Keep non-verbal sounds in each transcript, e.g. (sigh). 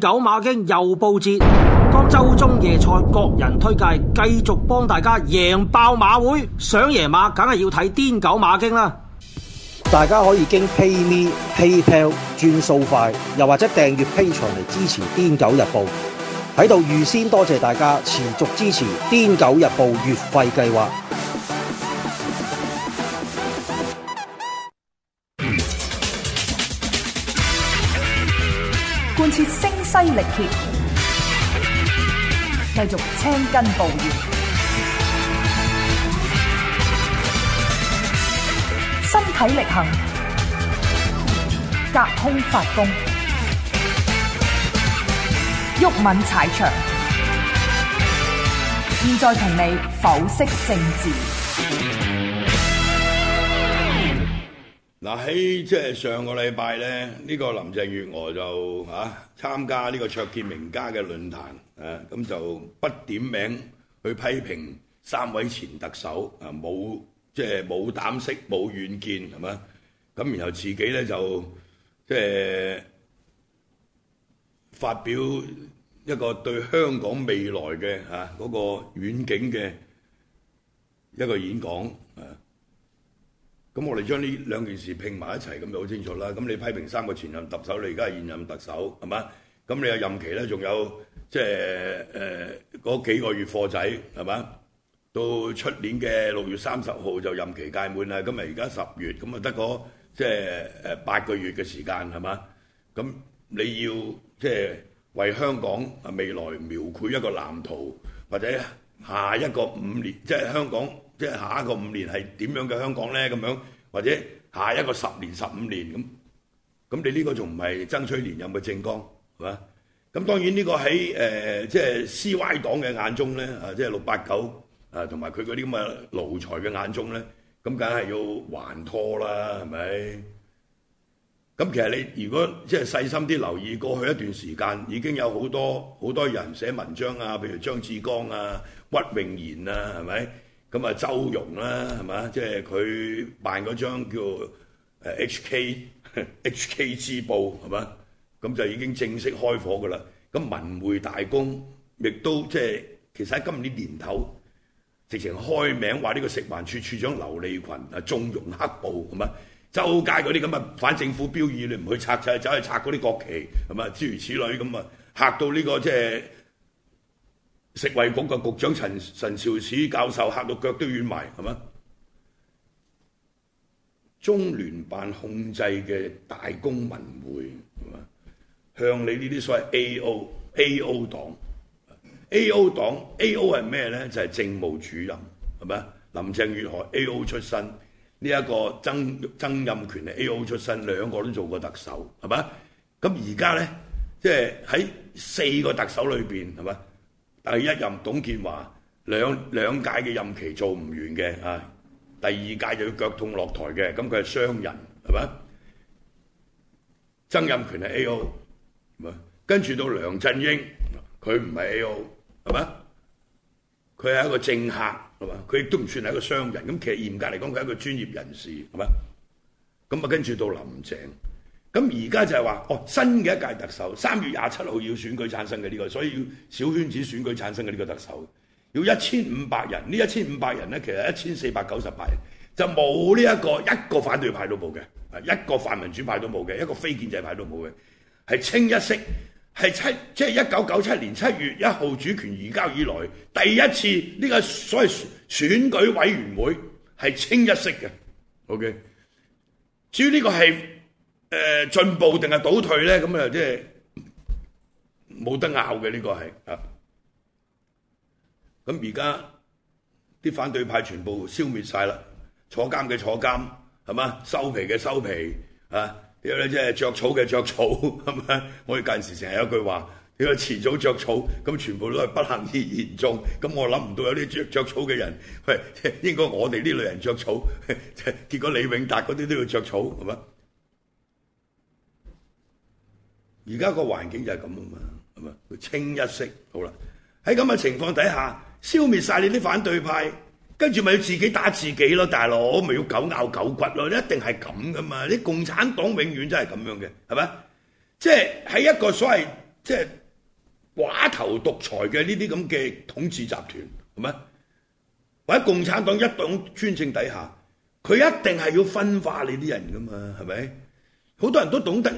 癲狗馬經又報捷，當周中夜賽各人推介，繼續幫大家贏爆馬會。想贏馬梗係要睇癲狗馬經啦！大家可以經 PayMe PayPal 轉數快，又或者訂閱 Patreon 嚟支持癲狗日報。喺度預先多謝大家持續支持癲狗日報月費計劃。貫徹聲嘶力竭，繼續青筋暴現，身體力行，隔空發功，毓民踩場。現在同你剖析政治。嗱喺即係上個禮拜咧，呢個林鄭月娥就吓參加呢個灼見名家嘅論壇，誒咁就不點名去批評三位前特首啊，冇即係冇膽識冇遠見係咪咁然後自己咧就即係、就是、發表一個對香港未來嘅啊嗰個遠景嘅一個演講。咁我哋將呢兩件事拼埋一齊，咁就好清楚啦。咁你批評三個前任特首，你而家係現任特首係嘛？咁你有任期咧，仲有即係嗰幾個月貨仔係嘛？到出年嘅六月三十號就任期屆滿啦。咁咪而家十月，咁啊得個即係八個月嘅時間係嘛？咁你要即係為香港未來描繪一個藍圖，或者下一個五年，即係香港。即係下一個五年係點樣嘅香港呢？咁樣或者下一個十年、十五年咁，咁你呢個仲唔係爭取連任嘅政綱？係嘛？咁當然呢個喺誒即係 C Y 黨嘅眼中呢，啊即係六八九啊，同埋佢嗰啲咁嘅奴才嘅眼中呢，咁梗係要還拖啦，係咪？咁其實你如果即係細心啲留意過去一段時間，已經有好多好多人寫文章啊，譬如張志剛啊、屈穎妍啊，係咪？咁啊，周融啦，係嘛？即係佢辦嗰張叫誒 H K (laughs) H K G 報，係嘛？咁就已經正式開火噶啦。咁文匯大公亦都即係、就是，其實喺今年年頭直情開名話呢個食環署署長劉利群係縱容黑暴，係嘛？周街嗰啲咁啊，反政府標語你唔去拆，拆，就走去拆嗰啲國旗，係嘛？諸如此類咁啊，嚇到呢、這個即係。就是食衛局嘅局長陳陳肇始教授吓到腳都軟埋，係嘛？中聯辦控制嘅大公文匯，係嘛？向你這些所謂 AO, AO 黨 AO 黨 AO 呢啲所謂 A O A O 黨 A O 黨 A O 係咩咧？就係、是、政務主任，係咪啊？林鄭月娥 AO、這個、A O 出身，呢一個曾曾蔭權係 A O 出身，兩個都做過特首，係嘛？咁而家咧，即係喺四個特首裏邊，係嘛？第一任董建華兩兩屆嘅任期做唔完嘅，啊，第二屆就要腳痛落台嘅，咁佢係商人，係咪？曾蔭權係 A O，係嘛？跟住到梁振英，佢唔係 A O，係嘛？佢係一個政客，係嘛？佢亦都唔算係一個商人，咁其實嚴格嚟講，佢係一個專業人士，係嘛？咁啊，跟住到林鄭。咁而家就係話，哦，新嘅一屆特首，三月廿七號要選舉產生嘅呢個，所以要小圈子選舉產生嘅呢個特首，要一千五百人，呢一千五百人呢，其實一千四百九十八人，就冇呢一個一個反對派都冇嘅，啊，一個泛民主派都冇嘅，一個非建制派都冇嘅，係清一色，係七即係一九九七年七月一號主權移交以來第一次呢個所謂選，選舉委員會係清一色嘅，OK。至於呢個係。誒，進步定係倒退咧？咁啊，即係冇得拗嘅呢個係啊。咁而家啲反對派全部消滅晒啦，坐監嘅坐監，係嘛？收皮嘅收皮，啊！點呢，即係著草嘅著草？係咪？我哋近時成日有句話：你話遲早著著草？咁全部都係不幸而言中。咁我諗唔到有啲著著草嘅人，喂，應該我哋呢類人著草，結果李永達嗰啲都要著草，係嘛？而家個環境就係咁啊嘛，係嘛？清一色好啦。喺咁嘅情況底下，消滅晒你啲反對派，跟住咪要自己打自己咯，大佬咪要狗咬狗骨咯。一定係咁噶嘛？你共產黨永遠都係咁樣嘅，係咪？即係喺一個所謂即係寡頭獨裁嘅呢啲咁嘅統治集團，係咪？或者共產黨一黨專政底下，佢一定係要分化你啲人噶嘛，係咪？好多人都懂得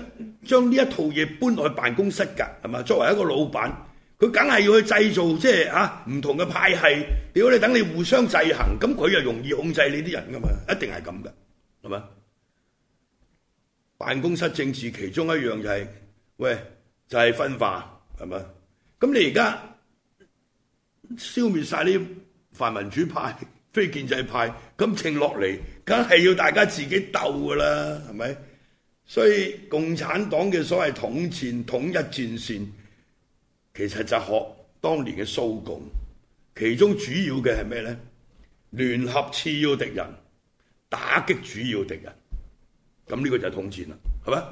將呢一套嘢搬落去辦公室㗎，係嘛？作為一個老闆，佢梗係要去製造即係啊唔同嘅派系，如果你等你互相制衡，咁佢又容易控制你啲人㗎嘛？一定係咁㗎，係嘛？辦公室政治其中一樣就係，喂，就係分化，係嘛？咁你而家消滅晒啲泛民主派、非建制派，咁剩落嚟，梗係要大家自己鬥㗎啦，係咪？所以共產黨嘅所謂統戰統一戰線，其實就學當年嘅蘇共，其中主要嘅係咩呢？聯合次要敵人，打擊主要敵人，咁呢個就係統戰啦，係咪？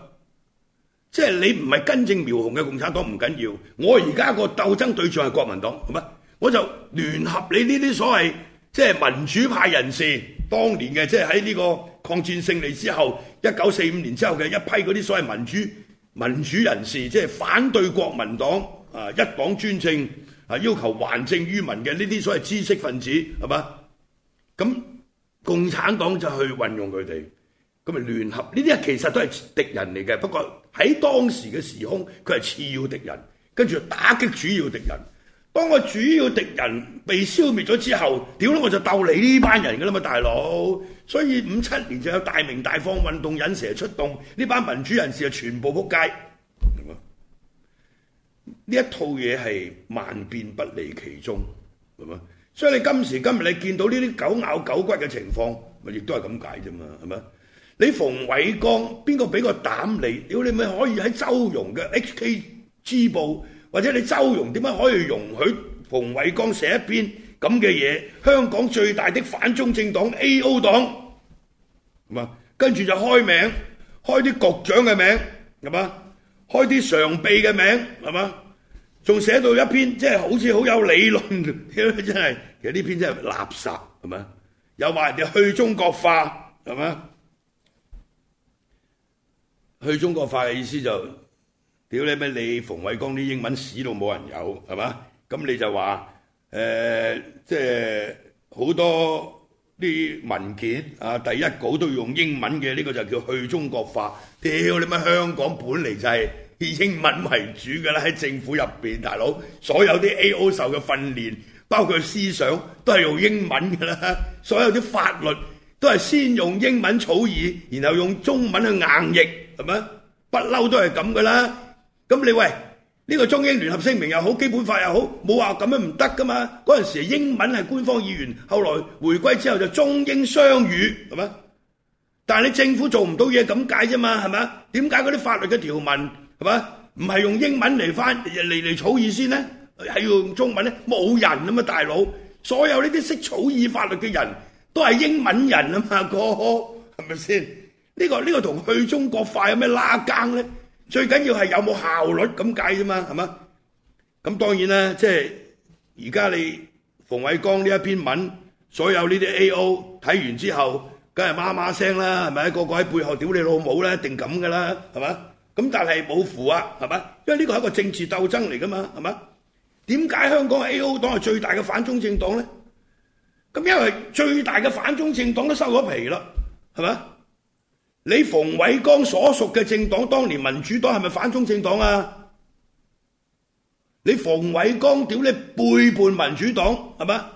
即係你唔係根正苗紅嘅共產黨唔緊要，我而家個鬥爭對象係國民黨，係咪？我就聯合你呢啲所謂即係民主派人士。當年嘅即係喺呢個抗戰勝利之後，一九四五年之後嘅一批嗰啲所謂民主民主人士，即係反對國民黨啊，一黨專政啊，要求還政於民嘅呢啲所謂知識分子，係嘛？咁共產黨就去運用佢哋，咁咪聯合呢啲，這些其實都係敵人嚟嘅。不過喺當時嘅時空，佢係次要敵人，跟住打擊主要敵人。當我主要敵人被消滅咗之後，屌，我就鬥你呢班人噶啦嘛，大佬！所以五七年就有大鳴大放運動引蛇出洞，呢班民主人士就全部扑街，呢一套嘢係萬變不離其宗，明嘛？所以你今時今日你見到呢啲狗咬狗骨嘅情況，咪亦都係咁解啫嘛，係咪？你馮煒光，邊個俾個膽你？屌，你咪可以喺周融嘅 HK 支部。或者你周融點樣可以容許馮偉光寫一篇咁嘅嘢？香港最大的反中政黨 AO 黨，係嘛？跟住就開名，開啲局長嘅名，係嘛？開啲常秘嘅名，係嘛？仲寫到一篇即係好似好有理論，真係其實呢篇真係垃圾，係嘛？又話人哋去中國化，係嘛？去中國化嘅意思就。屌你咩？你，馮煒光啲英文屎到冇人有係嘛？咁你就話誒，即係好多啲文件啊，第一稿都用英文嘅，呢個就叫去中國化。屌你咩？香港本嚟就係以英文為主嘅啦，喺政府入面，大佬，所有啲 A O 受嘅訓練，包括思想都係用英文嘅啦，所有啲法律都係先用英文草擬，然後用中文去硬譯係咪？不嬲都係咁嘅啦。咁你喂呢個中英聯合聲明又好，基本法又好，冇話咁樣唔得㗎嘛？嗰陣時候英文係官方語言，後來回歸之後就中英雙語，係咪？但係你政府做唔到嘢咁解啫嘛？係咪啊？點解嗰啲法律嘅條文係咪唔係用英文嚟返，嚟嚟草擬先呢？係要用中文呢？冇人啊嘛，大佬！所有呢啲識草擬法律嘅人都係英文人啊嘛，哥係咪先？呢個呢個同去中國化有咩拉更呢？最緊要係有冇效率咁計啫嘛，係嘛？咁當然啦，即係而家你馮偉剛呢一篇文，所有呢啲 A.O. 睇完之後，梗係媽媽聲啦，係咪？個個喺背後屌你老母啦，一定咁噶啦，係嘛？咁但係冇符啊，係嘛？因為呢個係一個政治鬥爭嚟噶嘛，係嘛？點解香港 A.O. 黨係最大嘅反中政黨咧？咁因為最大嘅反中政黨都收咗皮啦，係嘛？你馮偉光所屬嘅政黨當年民主黨係咪反中政黨啊？你馮偉光屌你背叛民主黨係嘛？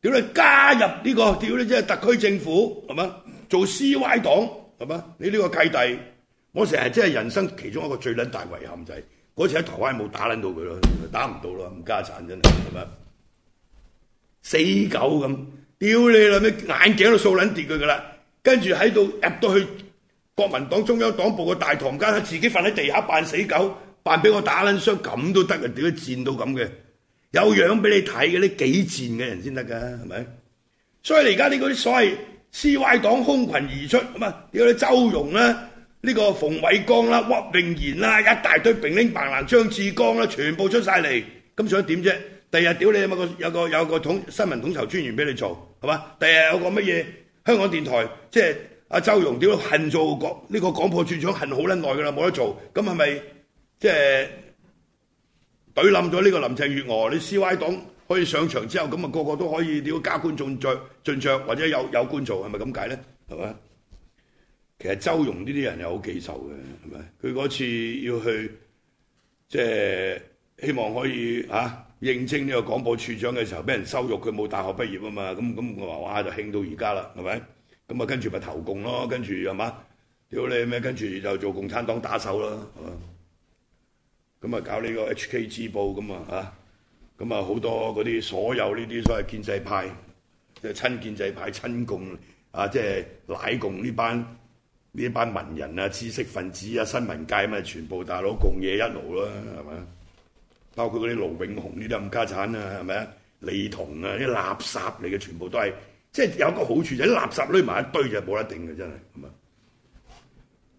屌你加入呢個屌你即係特區政府係嘛？做 CY 黨係嘛？你呢個契弟，弟，我成日即人生其中一個最捻大遺憾就係嗰次喺台灣冇打捻到佢咯，打唔到咯，唔加產真係咁樣，死狗咁，屌你諗起眼鏡都掃捻跌佢㗎喇。跟住喺度入到去國民黨中央黨部個大堂間，自己瞓喺地下扮死狗，扮俾我打撚傷咁都得人屌賤到咁嘅，有樣俾你睇嘅啲幾賤嘅人先得噶，係咪？所以你而家呢個啲所謂 C Y 黨空群而出，咁啊，啲啲周融啦，呢個馮煒光啦、屈榮賢啦，一大堆平拎白爛張志剛啦，全部出晒嚟，咁想點啫？第日屌你有個有個有新聞統籌專員俾你做，係嘛？第日有個乜嘢？香港電台即係阿周融點樣恨做廣呢個廣播處長恨好撚耐㗎啦，冇得做，咁係咪即係懟冧咗呢個林鄭月娥？你 C Y 黨可以上場之後，咁啊個個都可以點樣加官進爵，進爵或者有有官做，係咪咁解咧？係咪？其實周融呢啲人又好記仇嘅，係咪？佢嗰次要去即係、就是、希望可以啊應徵呢個廣播處長嘅時候，俾人羞辱，佢冇大學畢業啊嘛，咁咁我話哇就興到而家啦，係咪？咁啊跟住咪投共咯跟着是是，跟住係嘛？屌你咩？跟住就做共產黨打手啦，係咪？咁啊搞呢個 HKG 報咁啊嚇，咁啊好多嗰啲所有呢啲所謂建制派，即係親建制派、親共啊，即係奶共呢班呢班文人啊、知識分子啊、新聞界咪全部大佬共野一路啦，係咪？包括嗰啲盧永雄呢啲冚家產啊，係咪啊？李彤啊，啲垃圾嚟嘅，全部都係即係有一個好處，就啲、是、垃圾攞埋一堆就冇得定嘅，真係咁啊！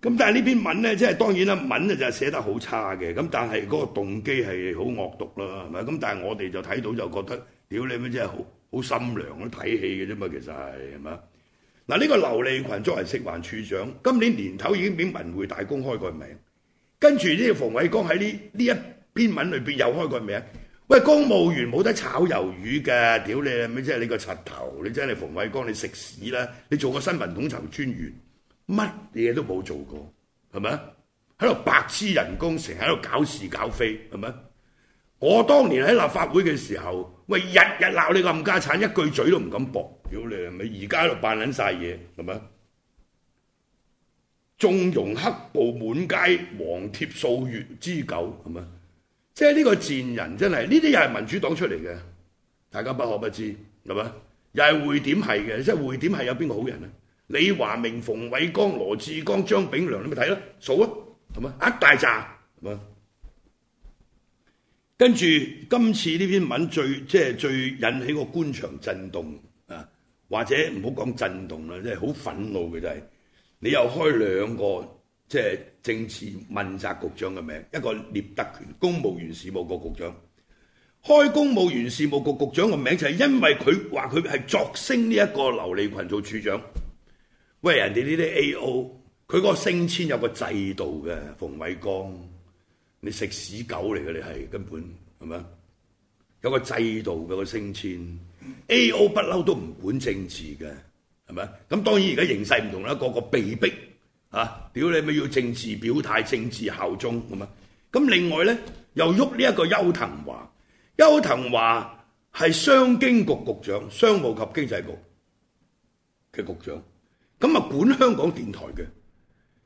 咁但係呢篇文咧，即係當然啦，文就寫得好差嘅，咁但係嗰個動機係好惡毒啦，係咪？咁但係我哋就睇到就覺得，屌你乜啫，好好心涼咯，睇戲嘅啫嘛，其實係係咪？嗱，呢個劉利群作為食環處長，今年年頭已經俾文匯大公開個名，跟住呢，馮偉光喺呢呢一編文裏邊又開個名，喂，公務員冇得炒魷魚嘅，屌你，咪即係你個柒頭，你真係馮偉光，你食屎啦！你做個新聞統籌專員，乜嘢都冇做過，係咪？喺度白痴人工，成日喺度搞事搞非，係咪？我當年喺立法會嘅時候，喂，日日鬧你冚家鏟，一句嘴都唔敢駁，屌你，咪而家喺度扮撚晒嘢，係咪？縱容黑暴滿街，黃帖數月之久，係咪？即係呢個賤人真係，呢啲又係民主黨出嚟嘅，大家不可不知，係咪？又係匯點係嘅，即係匯點係有邊個好人咧？李華明、馮煒光、羅致光、張炳良，你咪睇咯，數啊，係嘛？呃大扎，係嘛？跟住今次呢篇文最即係最引起個官場震動啊，或者唔好講震動啦，即係好憤怒嘅就係你又開兩個。即係政治問責局長嘅名，一個聶德權，公務員事務局局長開公務員事務局局長嘅名就係因為佢話佢係作聲呢一個劉利群做處長。喂人哋呢啲 A.O. 佢個升遷有個制度嘅，馮偉光你食屎狗嚟嘅你係根本係咪？有個制度嘅個升遷，A.O. 不嬲都唔管政治嘅係咪？咁當然而家形勢唔同啦，個個被逼。啊！屌你咪要政治表態、政治效忠咁啊！咁另外咧又喐呢一個邱騰華，邱騰華係商經局局長、商務及經濟局嘅局長，咁啊管香港電台嘅。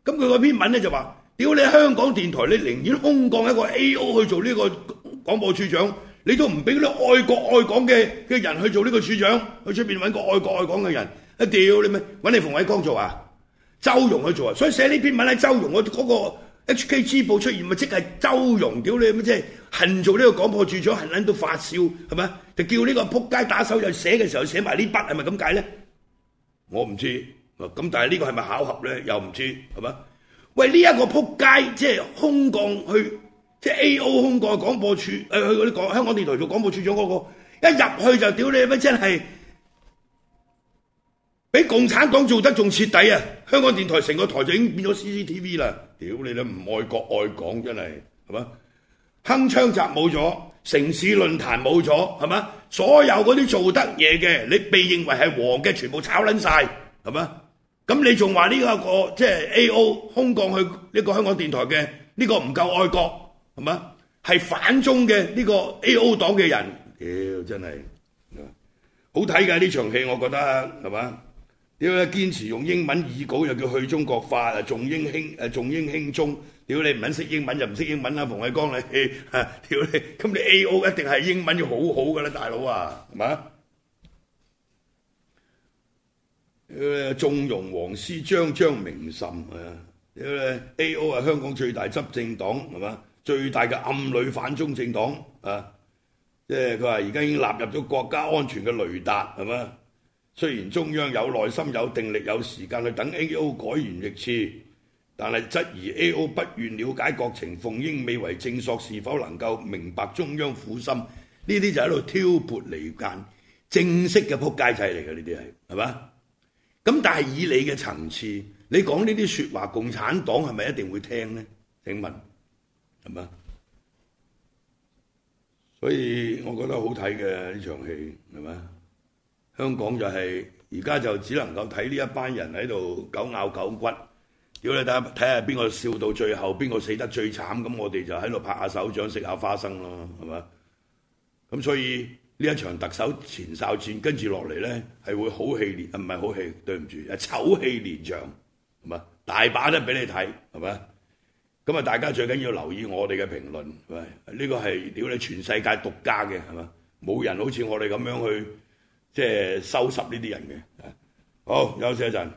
咁佢嗰篇文咧就話：屌你香港電台，你寧願空降一個 AO 去做呢個廣播處長，你都唔俾啲愛國愛港嘅嘅人去做呢個處長，去出邊揾個愛國愛港嘅人。一屌你咪揾你馮煒光做啊！周融去做啊，所以寫呢篇文喺周融嗰嗰個 HKG 報出現，咪即係周融屌你乜，即係恨做呢個廣播處長恨撚到發燒係咪？就叫呢個撲街打手又寫嘅時候寫埋呢筆係咪咁解咧？我唔知啊，咁但係呢個係咪巧合咧？又唔知係咪？喂，呢、這、一個撲街即係空降去即係 AO 空降廣播處誒、哎、去嗰啲港香港電台做廣播處長嗰、那個一入去就屌你乜真係。俾共產黨做得仲徹底啊！香港電台成個台就已經變咗 CCTV 啦！屌你都唔愛國愛港真係係嘛？《鏗鏘集》冇咗，《城市論壇》冇咗，係嘛？所有嗰啲做得嘢嘅，你被認為係黃嘅，全部炒撚晒係嘛？咁你仲話呢一個即係 AO 空降去呢個香港電台嘅呢個唔夠愛國係嘛？係反中嘅呢個 AO 黨嘅人，屌真係好睇㗎呢場戲，我覺得係嘛？屌你堅持用英文議稿又叫去中國化啊，重英輕誒重英輕中，屌你唔肯識英文就唔識英文啦，馮偉光你，屌你，咁你 AO 一定係英文要好好噶啦，大佬啊，係嘛？誒，縱容王思張張明岑誒，屌你 AO 係香港最大執政黨係嘛，最大嘅暗裏反中政黨啊，即係佢話而家已經納入咗國家安全嘅雷達係嘛？是吧雖然中央有耐心、有定力、有時間去等 A O 改弦易轍，但係質疑 A O 不願了解國情，奉英美為正朔，是否能夠明白中央苦心，呢啲就喺度挑撥離間，正式嘅撲街仔嚟嘅，呢啲係係嘛？咁但係以你嘅層次，你講呢啲說話，共產黨係咪一定會聽呢？請問係嘛？所以我覺得好睇嘅呢場戲係嘛？是吧香港就係而家就只能夠睇呢一班人喺度狗咬狗骨，屌你！睇下睇下邊個笑到最後，邊個死得最慘？咁我哋就喺度拍下手掌，食下花生咯，係嘛？咁所以呢一場特首前哨戰跟住落嚟呢，係會好戲連，唔係好戲，對唔住，係醜戲連場，係嘛？大把都俾你睇，係嘛？咁啊，大家最緊要留意我哋嘅評論，喂，呢個係屌你全世界獨家嘅，係嘛？冇人好似我哋咁樣去。即係收拾呢啲人嘅，好，休息一陣。